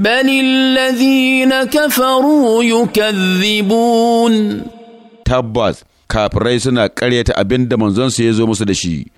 بل الذين كفروا يكذبون Tabbas kafurai suna ƙaryata abinda da manzonsu ya zo musu da shi